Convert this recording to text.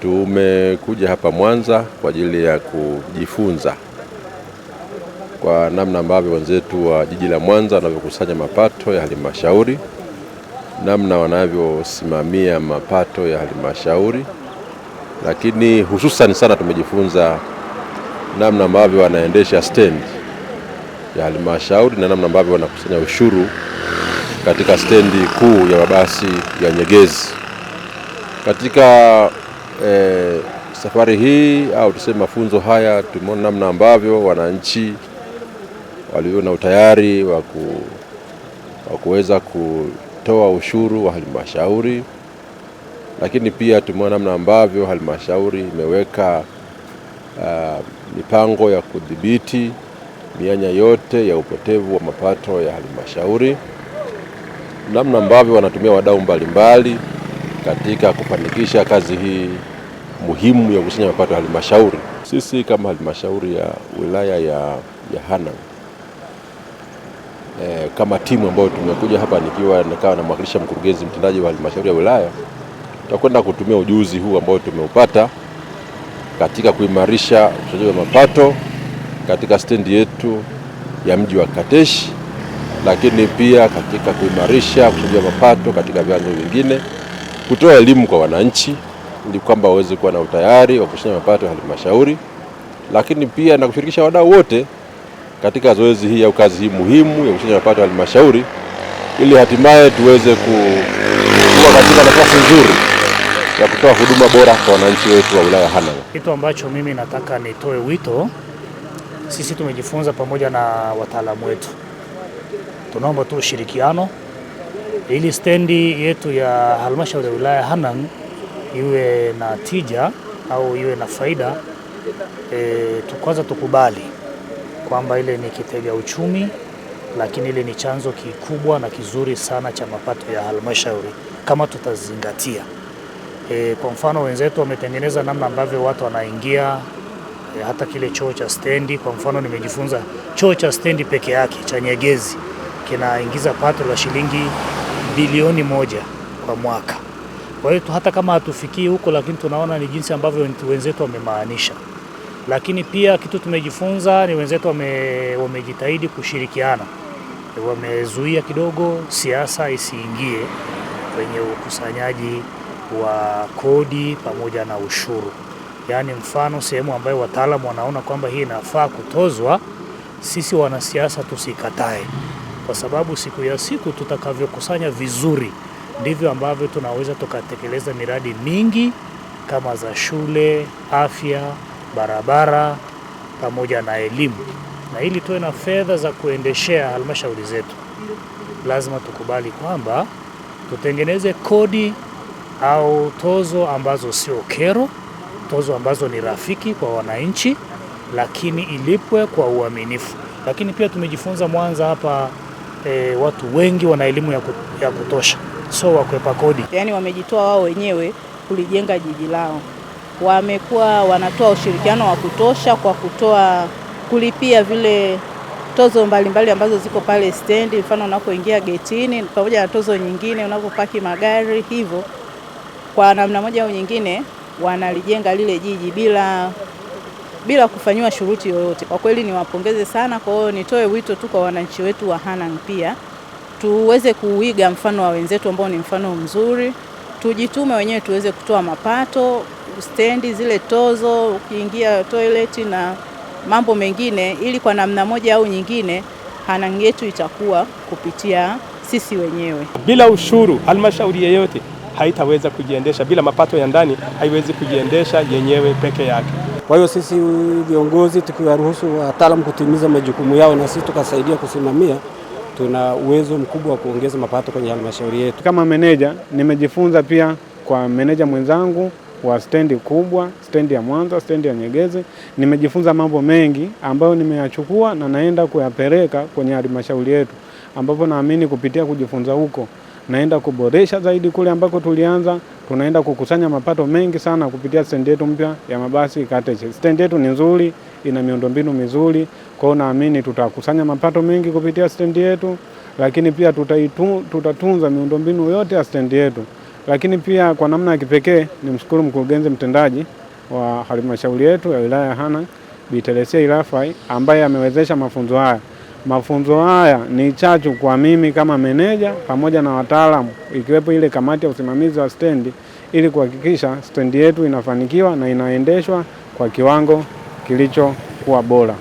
Tumekuja hapa Mwanza kwa ajili ya kujifunza kwa namna ambavyo wenzetu wa jiji la Mwanza wanavyokusanya mapato ya halmashauri, namna wanavyosimamia mapato ya halmashauri, lakini hususan sana tumejifunza namna ambavyo wanaendesha stendi ya halmashauri na namna ambavyo wanakusanya ushuru katika stendi kuu ya mabasi ya Nyegezi katika safari hii au tuseme mafunzo haya, tumeona namna ambavyo wananchi walivyo na utayari wa kuweza kutoa ushuru wa halmashauri, lakini pia tumeona namna ambavyo halmashauri imeweka uh, mipango ya kudhibiti mianya yote ya upotevu wa mapato ya halmashauri, namna ambavyo wanatumia wadau mbalimbali katika kufanikisha kazi hii muhimu ya kukusanya mapato ya halmashauri. Sisi kama halmashauri ya wilaya ya, ya Hanang e, kama timu ambayo tumekuja hapa nikiwa nikawa namwakilisha mkurugenzi mtendaji wa halmashauri ya wilaya, tutakwenda kutumia ujuzi huu ambao tumeupata katika kuimarisha ukusanyaji wa mapato katika stendi yetu ya mji wa Kateshi, lakini pia katika kuimarisha ukusanyaji wa mapato katika vyanzo vingine, kutoa elimu kwa wananchi ili kwamba waweze kuwa na utayari wa kukusanya mapato ya halmashauri, lakini pia na kushirikisha wadau wote katika zoezi hii au kazi hii muhimu ya kukusanya mapato ya halmashauri ili hatimaye tuweze kuwa katika nafasi nzuri ya kutoa huduma bora kwa wananchi wetu wa wilaya Hanang'. Kitu ambacho mimi nataka nitoe wito, sisi tumejifunza pamoja na wataalamu wetu, tunaomba tu ushirikiano ili stendi yetu ya halmashauri ya wilaya Hanang' iwe na tija au iwe na faida e, kwanza tukubali kwamba ile ni kitega uchumi, lakini ile ni chanzo kikubwa na kizuri sana cha mapato ya halmashauri kama tutazingatia. E, kwa mfano wenzetu wametengeneza namna ambavyo watu wanaingia e, hata kile choo cha stendi kwa mfano, nimejifunza choo cha stendi peke yake cha Nyegezi kinaingiza pato la shilingi bilioni moja kwa mwaka. Kwa hiyo hata kama hatufikii huko, lakini tunaona ni jinsi ambavyo wenzetu wamemaanisha. Lakini pia kitu tumejifunza ni wenzetu wame, wamejitahidi kushirikiana, wamezuia kidogo siasa isiingie kwenye ukusanyaji wa kodi pamoja na ushuru. Yaani mfano sehemu ambayo wataalamu wanaona kwamba hii inafaa kutozwa, sisi wanasiasa tusikatae, kwa sababu siku ya siku tutakavyokusanya vizuri ndivyo ambavyo tunaweza tukatekeleza miradi mingi kama za shule, afya, barabara pamoja na elimu. Na ili tuwe na fedha za kuendeshea halmashauri zetu, lazima tukubali kwamba tutengeneze kodi au tozo ambazo sio kero, tozo ambazo ni rafiki kwa wananchi, lakini ilipwe kwa uaminifu. Lakini pia tumejifunza Mwanza hapa e, watu wengi wana elimu ya kutosha so wakwepa kodi, yaani wamejitoa wao wenyewe kulijenga jiji lao. Wamekuwa wanatoa ushirikiano wa kutosha kwa kutoa kulipia vile tozo mbalimbali mbali ambazo ziko pale stendi, mfano unapoingia getini, pamoja na tozo nyingine unapopaki magari. Hivyo kwa namna moja au nyingine wanalijenga lile jiji bila bila kufanyiwa shuruti yoyote. Kwa kweli niwapongeze sana. Kwa hiyo nitoe wito tu kwa wananchi wetu wa Hanang' pia tuweze kuiga mfano wa wenzetu ambao ni mfano mzuri, tujitume wenyewe tuweze kutoa mapato, stendi zile tozo, ukiingia toileti na mambo mengine, ili kwa namna moja au nyingine hanang' yetu itakuwa kupitia sisi wenyewe. Bila ushuru, halmashauri yeyote haitaweza kujiendesha, bila mapato ya ndani haiwezi kujiendesha yenyewe peke yake. Kwa hiyo sisi viongozi tukiwaruhusu wataalamu kutimiza majukumu yao na sisi tukasaidia kusimamia tuna uwezo mkubwa wa kuongeza mapato kwenye halmashauri yetu. Kama meneja nimejifunza pia kwa meneja mwenzangu wa stendi kubwa, stendi ya Mwanza, stendi ya Nyegezi, nimejifunza mambo mengi ambayo nimeyachukua na naenda kuyapeleka kwenye halmashauri yetu, ambapo naamini kupitia kujifunza huko naenda kuboresha zaidi kule ambako tulianza. Tunaenda kukusanya mapato mengi sana kupitia stendi yetu mpya ya mabasi Kateche. Stendi yetu ni nzuri, ina miundombinu mizuri, kwa hiyo naamini tutakusanya mapato mengi kupitia stendi yetu, lakini pia tutaitu, tutatunza miundombinu yote ya stendi yetu. Lakini pia kwa namna ya kipekee nimshukuru mkurugenzi mtendaji wa halmashauri yetu ya wilaya ya Hanang' Bi. Teresia Irafai ambaye amewezesha mafunzo haya. Mafunzo haya ni chachu kwa mimi kama meneja pamoja na wataalamu, ikiwepo ile kamati ya usimamizi wa stendi, ili kuhakikisha stendi yetu inafanikiwa na inaendeshwa kwa kiwango kilichokuwa bora.